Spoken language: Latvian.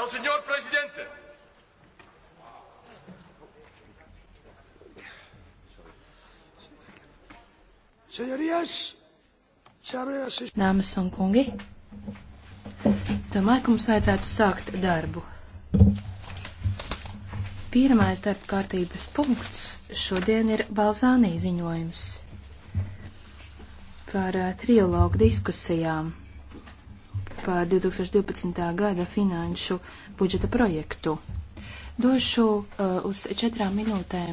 El señor presidente. Señorías, se abre la sesión. Dāmas un kungi, domāju, ka mums vajadzētu sākt darbu. Pirmais darba kārtības punkts šodien ir Balzānī ziņojums par uh, trilogu diskusijām par 2012. gada finanšu budžeta projektu. Došu uh, uz četrām minūtēm